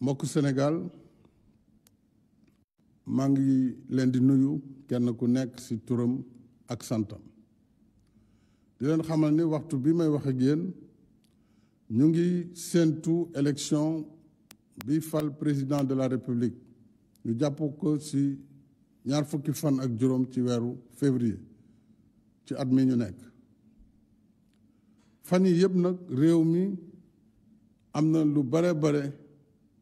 Moko Sénégal mangi lendi nuyu kenn ku ak santam di xamal ni waxtu bi may élection président de la république ñu jàpp ko ci ñaar fukki fan ak février ci at ñu nekk fan yi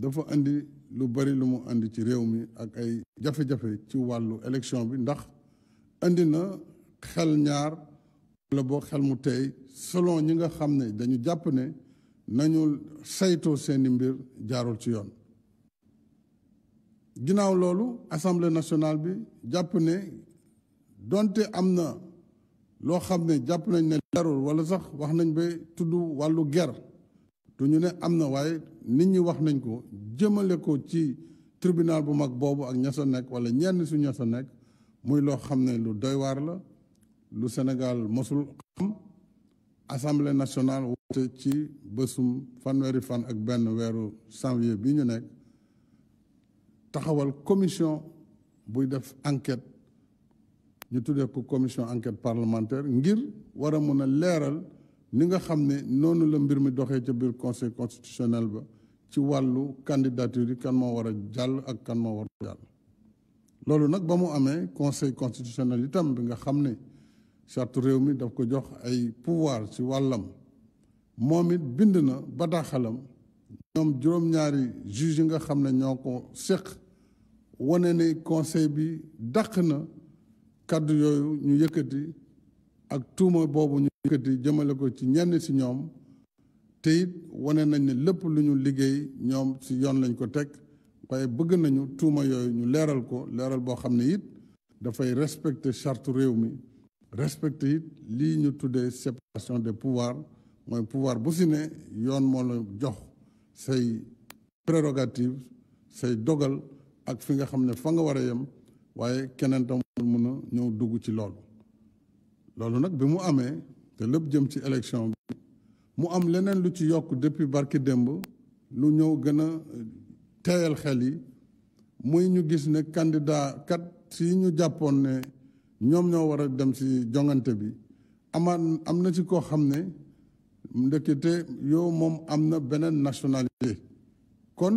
dafa indi lu bari lu mu indi ci réew mi ak ay jafe-jafe ci wàllu élection bi ndax indi na xel ñaar wala boo xel mu tey selon ñi nga xam ne dañu jàpp ne nañu saytoo seeni mbir jaarul ci yoon ginnaaw loolu assemblée nationale bi jàpp ne donte am na loo xam ne jàpp nañ ne jarul wala sax wax nañ ba tudd wàllu guerre duñu ne am na waaye nit ñi wax nañ ko jëmale ko ci tribunal bu mag boobu ak ñasa sa nekk wala ñenn su ñasa muy loo xam ne lu doy waar la lu senegal mosul xam assemblée nationale wote ci bésum fanweeri fan ak benn weeru janvier bi ñu nekk taxawal commission buy def enquête ñu tuddee ko commission enquête parlementaire ngir wara a mun ni nga xam ne noonu la mbir mi doxee ca biir conseil constitutionnel ba ci wàllu candidature yi kan moo war a jàll ak kan moo war a jàll loolu nag ba mu amee conseil constitutionnel itam bi nga xam ne charte réew mi daf ko jox ay pouvoir ci wàllam moom it bind na bataaxalam ñoom juróom-ñaari juge yi nga xam ne ñoo ko séq wane ne conseil bi dàq na kàddu yooyu ñu yëkkati ak tuuma boobu ñu yëkkati jëmale ko ci ñenn si ñoom te it wane nañ ne lépp lu ñu liggéey ñoom si yoon lañ ko teg waaye bëgg nañu tuuma yooyu ñu leeral ko leeral boo xam ne it dafay respecter charte réew mi respecter it lii ñu tuddee séparation des pouvoirs mooy pouvoir bu si ne yoon moo la jox say prérogative say dogal ak fi nga xam ne fa nga war a yem waaye keneen tam mën a ñëw dugg ci loolu loolu nag bi mu amee te lépp jëm ci élection bi mu am leneen lu ci yokk depuis barki démb lu ñëw gën a euh, teeyal xel yi muy ñu gis ne candidat kat si ñu jàppoon ne ñoom ñoo war a dem ci jongante bi amaan am na ci koo xam ne ndekete yow moom am na beneen nationalité kon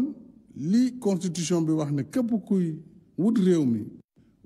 li constitution bi wax ne képp kuy wut réew mi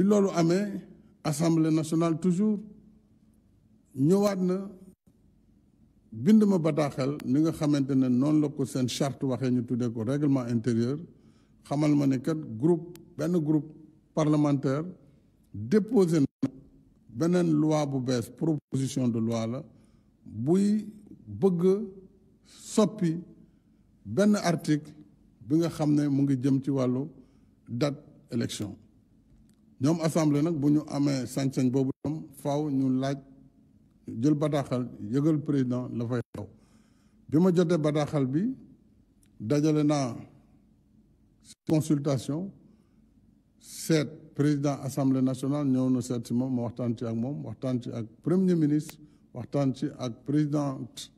bi loolu nationale toujours nous na ma nga charte waxee règlement intérieur xamal groupe groupe parlementaire déposé loi bu proposition de loi la buy bëgg soppi article bi nga mu date élection ñoom assemblée nak buñu amé sañ tam faaw ñu jël président la fay bi consultation président assemblée nationale ñëw na premier ministre waxtaan présidente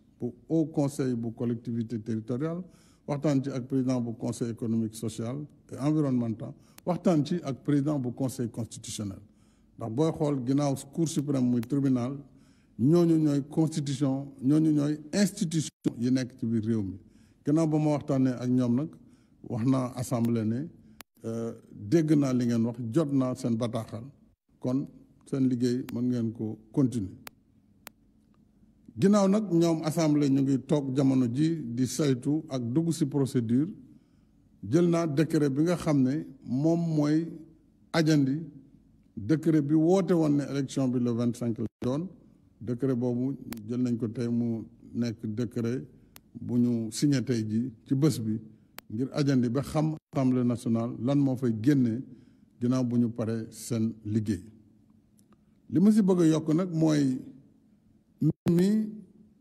haut conseil bu collectivité territoriale waxtaan ci président conseil économique social et environnemental waxtaan ci ak président bu conseil constitutionnel ndax booy xool ginnaaw cour suprême muy tribunal ñooñu ñooy constitution ñooñu ñooy institution yi nekk ci biir réew mi ginnaaw ba ma waxtaanee ak ñoom nag wax naa assemblée ne euh, dégg naa li ngeen wax jot naa seen bataaxal kon seen liggéey mën ngeen ko continuer ginnaaw nag ñoom assemblée ñu ngi toog jamono ji di saytu ak dugg ci procédure jël naa décret bi nga xam ne moom mooy ajandi décret bi woote woon ne élection bi le vingt cinq la doon décret boobu jël nañ ko tey mu nekk décret bu ñu signé tey ji ci bës bi ngir ajandi ba xam assemblée nationale lan moo fay génnee ginaaw bu ñu paree seen liggéey li ma si bëgg a yokk nag mooy mbir mi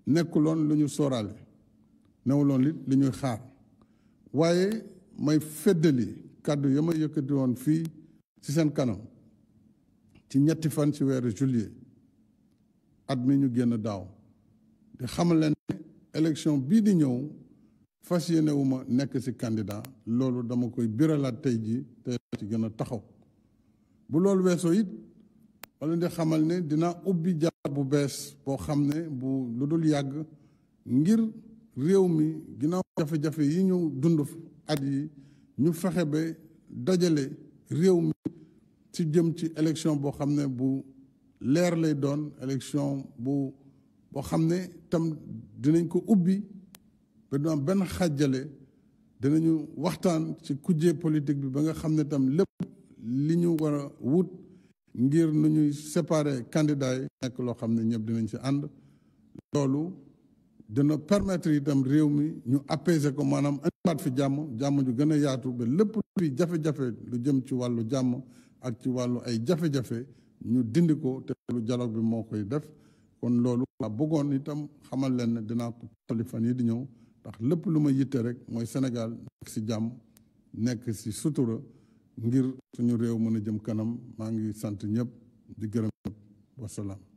nekkuloon lu ñu sóoraale newuloon it li ñuy xaar waaye may feddali kàddu ya ma yëkkati woon fii ci seen kanam ci ñetti fan ci weeru juillet at mi ñu génn daaw di xamal leen ne élection bii di ñëw fas wu ma nekk ci candidat loolu dama koy biralaat tey ji tey ci gën a taxaw bu loolu weesoo it wala di xamal ne dinaa ubbi jaar bu bees boo xam bu lu dul ngir réew mi ginnaaw jafe-jafe yi ñu dund nous ferons ñu fexe ba dajale réew mi ci jëm ci élection bu leer lay doon élection bu bo xamné tam dinañ ko ubbi politique bi tam wut ngir séparer candidat dina yi itam réew mi ñu apaiser ko maanaam indiwaat fi jàmm jàmm ju gën a yaatu ba lépp fi jafe-jafe lu jëm ci wàllu jàmm ak ci wàllu ay jafe-jafe ñu dindi ko te lu dialogue bi moo koy def kon loolu laa bëggoon itam xamal leen ne dinaa ko tali fan yi di ñëw ndax lépp lu ma yitte rek mooy Sénégal nekk si jàmm nekk si sutura ngir suñu réew mën a jëm kanam maa ngi sant ñëpp di gërëm ñëpp wasalaam